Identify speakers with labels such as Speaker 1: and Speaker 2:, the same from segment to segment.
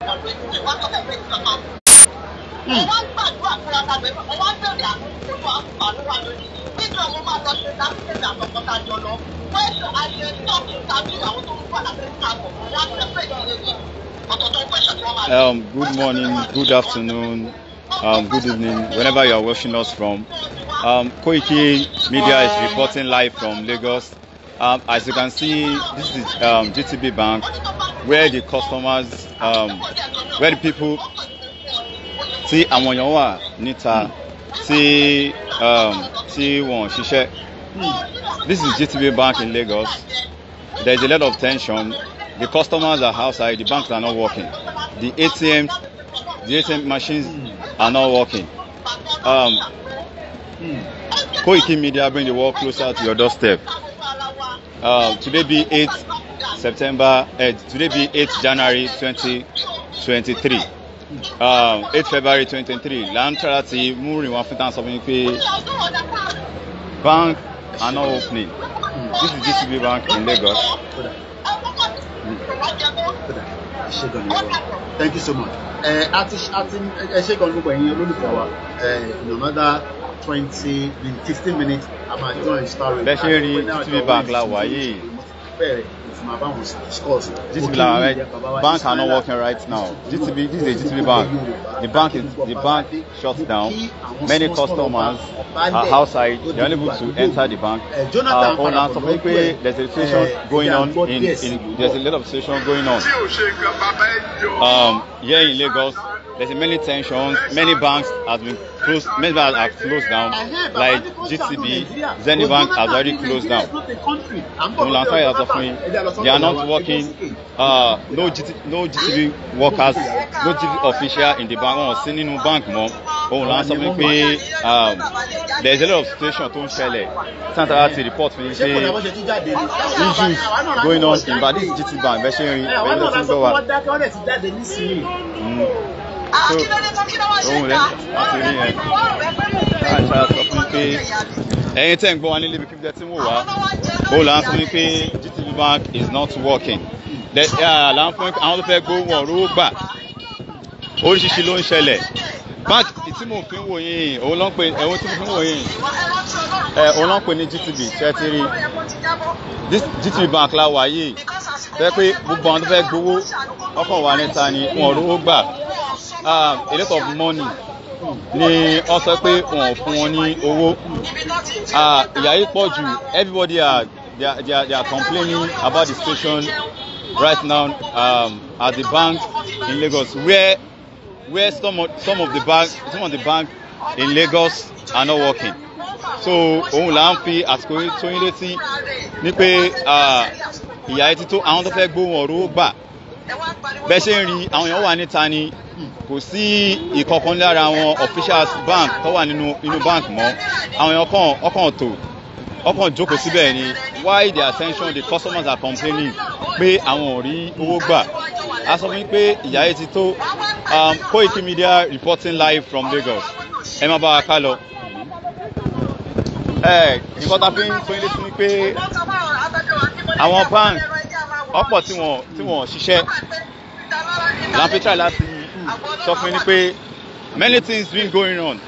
Speaker 1: Um, good morning, good afternoon, um, good evening, whenever you are watching us from. Um, Koiki Media is reporting live from Lagos. Um, as you can see, this is um, GTB Bank where the customers um, where the people tí àwọn èèyàn wà níta tí um, tí wọ́n ṣiṣẹ́ this is GTB bank in Lagos there is a lot of tension the customers are outside the banks are not working the ATMs the ATM machines are not working um, Koiki Media bring the world closer to your doorstep uh, today be eight September 8 eh, Today be 8th January 2023. 8th um, February 2023. Land ń tẹ́lá ti mú rìn wá fún tán sọ fún mi pé bank are not opening. Mm. This is GTB Bank in Lagos. Thank you so much. Ẹ eh, àti àti ẹ ṣe kan gbogbo ẹ̀yin olólùfẹ́ wa eh, no matter twenty fifteen minutes a máa join star rate. Bẹ́ẹ̀ ṣe rí GTB Bank la wà yìí. GTB, right? Bank are not working right now. GTB, this is a GTB bank. The bank is the bank shut down. Many customers are outside. They are unable to enter the bank. Uh, owners, so pé there's a situation going on in, in there's a lot of situation going on. Um, here in Lagos, there's many tensions. Many banks have been closed. Many banks have closed down. Like GTB, Zenny Bank has already closed down òun là ń sáré they are not working uh, no, GT, no GTB workers no GTB official in the bank wọn sí nínú bank mọ́ òun là ń sọ pé um, there is a lot of situation tó ń ṣẹlẹ̀ santa ti report fún yín pé issues going on in badi GTB bank bẹ́ẹ̀ ṣe ń rin bẹ́ẹ̀ ló ń gbọ́ wa mm. ah, so òun rẹ̀ àti rí ẹ̀ láì ṣe àtọ̀ fún pé ẹ̀yin tẹ̀ ń gbọ́ wa nílé ibi kíbi tẹ́ ti ń ó là ń bank is not working là ń fún àwọn tó fẹ́ gbowó ọ̀rọ̀ gbà oríṣiríṣi ló ń ṣẹlẹ̀ báńkì tí mò ń fi ń wò yín òun ló ń pè ẹ̀wọ̀n tí mò ń fi ń wò yín òun ló ń pè ní GTB ṣẹ́tìrì GTB bank la wà yìí fẹ́ pé gbogbo àwọn tó fẹ́ gbowó ọkọ̀ wà níta ni wọn ò rówó gbà ah, a lot of money ni wọ́n sọ pé wọn ò fún wọn ní owó ìyà yìí pọ̀ jù everybody are they are, they are, they are complaining about the situation right now um, at the bank in Lagos where where some of, some of the bank some of the bank in Lagos are not working so òun là ń fi àsìkò tóyin létí ní pé ìyà yìí ti tó àwọn tó fẹ́ gbóhùn ọ̀rọ̀ gbà bẹ́ẹ̀ ṣe ń rí àwọn èèyàn wà níta ni kò sí ìkọ̀kan lára àwọn officials bank tó wà nínú nínú bank mọ́ àwọn èèyàn kàn ọkàn tó ọkàn jókòó síbẹ̀ ni why the attention the customers are complaining pé àwọn ò rí owó gbà a sọ fún mi pé ìyà yìí ti tó um, Koiki Media reporting live from Lagos ẹ má bá wa ká lọ. ẹ nǹkan tá a fi ń tó ilé sí ni pé àwọn bank ọ̀pọ̀ tí wọ́n ṣiṣẹ́ láǹfẹ́ try láti sọ fún mi pé many things been going on.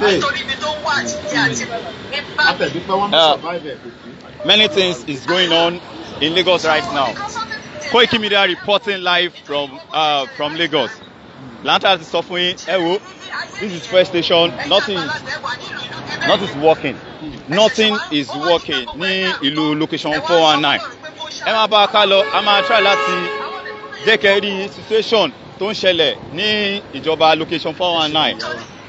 Speaker 1: Hey. Uh, many things is going on in Lagos right now. Koiki Media reporting live from uh, from Lagos. Lanta ti sọ fún yín, ẹ wo, this is first station, nothing is nothing is working, nothing is working ní ìlú location four one nine. Ẹ máa bá a ká lọ, a máa try láti jẹ́ kẹ́ rí situation tó ń ṣẹlẹ̀ ní ìjọba location four one nine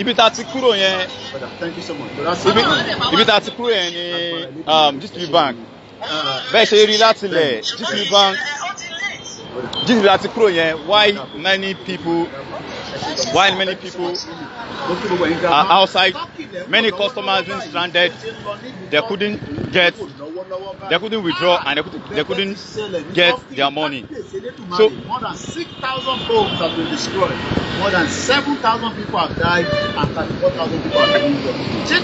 Speaker 1: ibi tá a ti kúrò yẹn ibi tá a ti kúrò yẹn ni um, GTB bank bẹ́ẹ̀ ṣe rí láti lẹ̀ GTB bank GTB la ti kúrò yẹn why many people why many people outside many customers been stranded they couldn't get They couldn't withdraw and they couldn't, they couldn't get their money. So more than 6,000 homes have been destroyed. More than 7,000 people have died and 34,000 people have been injured.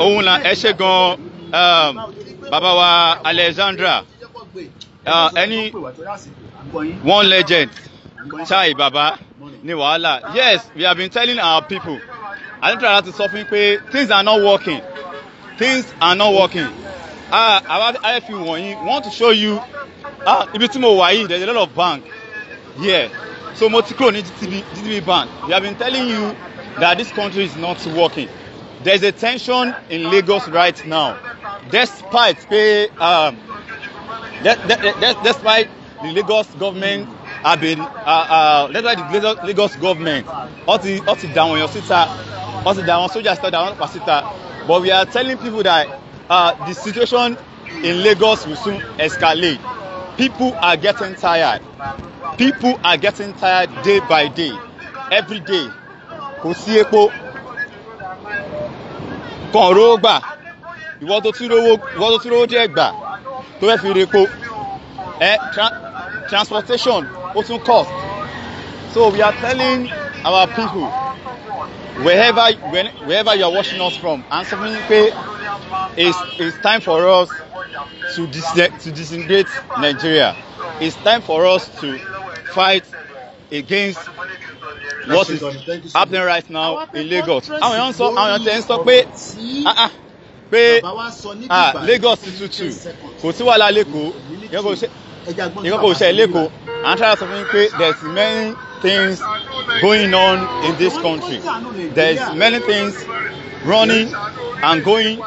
Speaker 1: Òun la ẹ ṣe gan-an bàbá Alexandra ẹni uh, one legend chai Baba. Niwala. Yes, we have been telling our people. I don't try to sọ fún pé things are not working. Things are not working. Ah, àwa ife wọ̀nyí want to show you ah, ibi tí mo wà yìí there is a lot of bank here so mo ti kúrò ní GTB GTB bank we have been telling you that this country is not working there is a tension in Lagos right now despite pay, um, de de de despite the Lagos government have been uh, uh, despite the Lagos, government wọ́n ti wọ́n ti dà wọ́n yàn síta wọ́n ti dà wọ́n sójà síta dà wọ́n pa síta but we are telling people that uh, the situation in Lagos will soon escalate. People are getting tired. People are getting tired day by day, every day. Kò sí epo. Kàn rówó gbà. Ìwọ́n tó tún rówó ìwọ́n tó tún rówó díẹ̀ gbà tó fẹ́ fi re epo. Eh, transportation ó tún cost. So we are telling our people wherever wherever you are watching us from, and something pé. It's, it's time for us to, dis- to disintegrate Nigeria. It's time for us to fight against what is happening right now in Lagos. Àwọn èèyàn sọ àwọn èèyàn tẹ̀ ń sọ pé ah, ah, pé ah, Lagos tuntun kò sí wàhálà lẹ́kọ̀ọ́ ìyẹn kò ṣe lẹ́kọ̀ọ́ and try to sọ fún mi pé there is many things going on in this country. There is many things running and going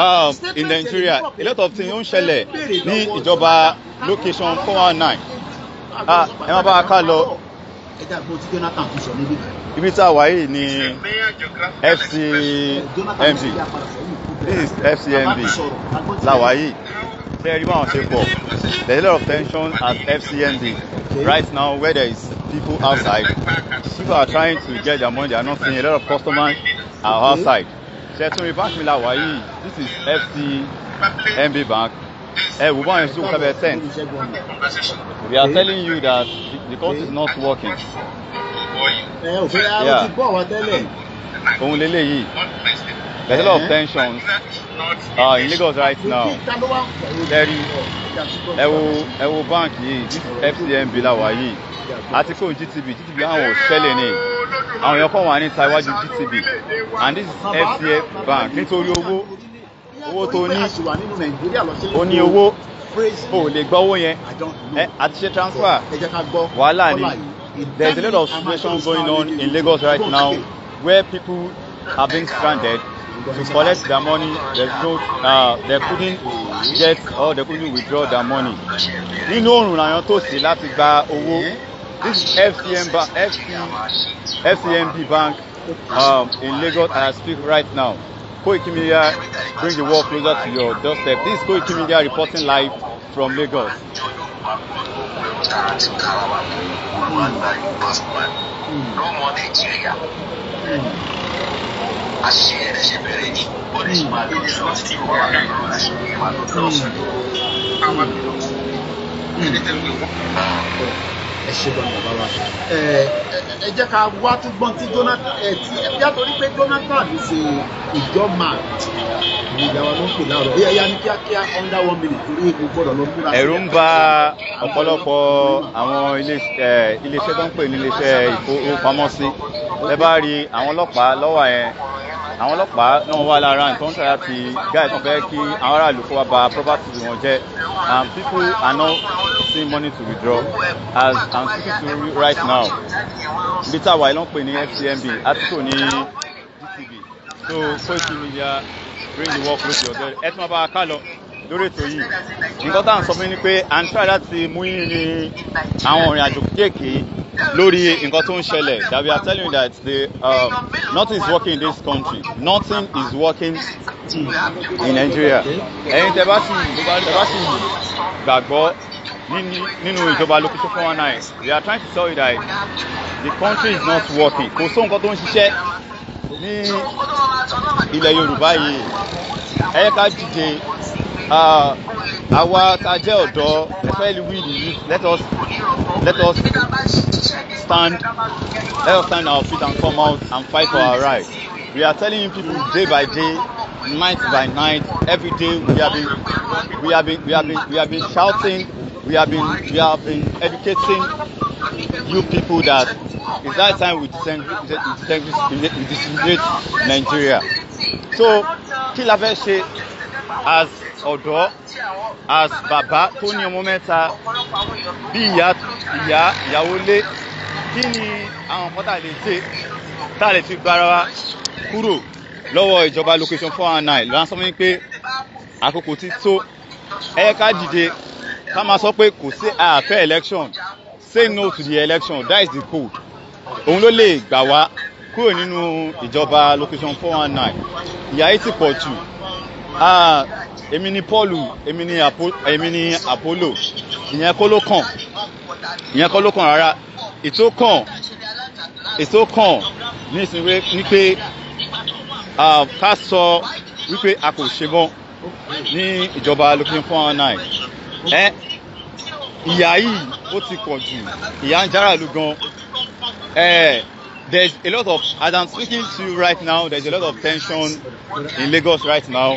Speaker 1: um, in Nigeria a lot of things ń ṣẹlẹ̀ ní ìjọba location four one nine ah, ah, ẹ má bá a ká lọ ibi tá a wà yìí ni FCMB this is FCMB la wà yìí ṣé ẹ rí báwọn ṣe pọ̀ there is a lot of tension at FCMB right now where there is people outside people are trying to get their money they are not seeing a lot of customers are outside ṣẹtún bank mi la wà this is FCMB Bank ẹ wò báyìí sùn kábẹ ten we are telling you that the court is not working. ẹ ò fẹ́ ara ti bọ̀ wá tẹ́lẹ̀. òun lélẹ̀ yìí there is a lot of tensions uh, ah, in Lagos right now lẹ́rí ẹ wo ẹ wo báńkì yìí this is FCMB la wà yìí àti kò GTB GTB àwọn ò ṣẹlẹ̀ ni àwọn èèyàn kan wà ní taiwájú GTB and this is FCF bank nítorí owó owó tó ní ó ní owó o lè gba owó yẹn àti ṣe transfer wàhálà ni there is a lot of situation going on in Lagos right now where people are being stranded to collect their money they no uh, they couldn't get or they couldn't withdraw their money nínú òrùn làwọn tó sì láti gba owó this is FCM bank FCM FCMB Bank um, in Lagos I speak right now. Koiki Media, bring the world closer to your doorstep. This is Koiki Media reporting live from Lagos. ẹ ṣe gan bàbá wa ẹ jẹ́ ká wá tún gbọ́n tí Jonathan ẹ ti ẹ bí àtọ́rí pé Jonathan ṣe ìjọ́mà ní ìyàwó ló ń pè láàárọ̀ bí ẹyá ní kíákíá under one minute torí èkó gbọ́dọ̀ ló ń múra. ẹ̀rù ń ba ọ̀pọ̀lọpọ̀ àwọn iléeṣẹ́ tó ń pè ní iléeṣẹ́ ìfowópamọ́sí ẹ bá rí àwọn ọlọ́pàá lọ́wọ́ yẹn àwọn ọlọ́pàá náà wà lára nǹkan ń tàyà fi gáì tán fẹ́ kí àwọn aráàlú kó wá ba property wọn jẹ́ and people are not seeing money to withdraw as i'm speaking to you right now ibi táwa ẹ̀ ló ń pè ní fcmb àtúntò ní dtv so social media bring the work lókè ọ̀dọ́ ẹ tí wọ́n bá a ká lọ lórí ètò yìí nǹkan tá à ń sọ fún yín ni pé à ń try láti mú yín ní àwọn ìrìn àjò kéèké lórí nǹkan tó ń ṣẹlẹ̀ that we are telling you that the um, nothing is working in this country nothing is working in Nigeria ẹ̀yin tẹ́ bá sì tẹ́ bá sì gbàgbọ́ nínú ìjọba location four one nine they are trying to tell you that the country is not working kò sóhun kan tó ń ṣiṣẹ́ ní ilẹ̀ Yorùbá yìí ẹ̀yẹ́ ká dìde àwa tá a jẹ́ ọ̀dọ́ ẹ fẹ́ wí nìyí let us let us stand, let us stand on our feet and come out and fight for our rights. We are telling you people day by day, night by night, every day we have been, we have been, we have been, we have been shouting, we have been, we have been educating you people that it's that time we disintegrate Nigeria. So, kí la fẹ́ as ọ̀dọ́ as Baba tó ní ọmọ mẹ́ta bí ìyá ìyá ìyàwó lé kí ni àwọn nǹkan tá a lè ṣe tá a lè fi gbára wa kúrò lọ́wọ́ ìjọba location four one nine lọ́nà sọ fún mi pé àkókò ti tó ẹ ká dìde ká máa sọ pé kò sí àfẹ́ election say no to the election that is the code òun ló lè gbà wá kúrò nínú ìjọba location four one nine ìyà yìí ti pọ̀ jù èmi ni Paul èmi ni Apollo ìyẹn kọ́ ló kàn ìyẹn kọ́ ló kàn rárá ètò kàn ètò kàn ní ìsinmi pé ká sọ wípé a kò ṣe mọ́ ní ìjọba lópin four one ẹ ìyá yìí ó ti pọ̀ jù ìyá ń jára lu gan ẹ there's a lot of as i'm speaking to you right now there's a lot of tension in Lagos right now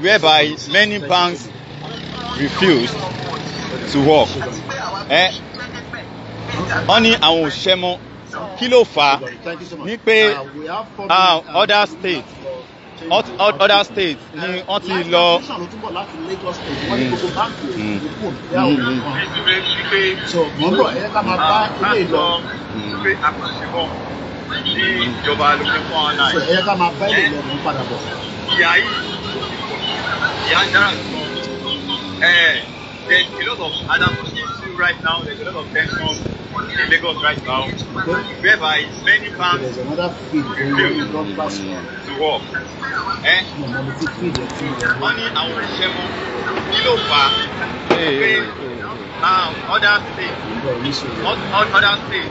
Speaker 1: whereby many banks refuse to work. Eh? wọ́n ní àwọn ò ṣiṣẹ́ mọ́ kí ló fà á ní pé other states other states ni wọ́n ti lọ. ìjọba ló fi fún ọ náà. ẹ̀yẹ ká máa bá ilé ìlọ́mọ padà bọ̀. ìyá yìí ìyá dára sọ ẹ there's a lot of other issues right now there's a lot of tension in Lagos right now, whereby many farms refuse to work. Eh? Money and Orisemo, Ilofa, Spain, now other states, other states,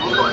Speaker 1: hospital.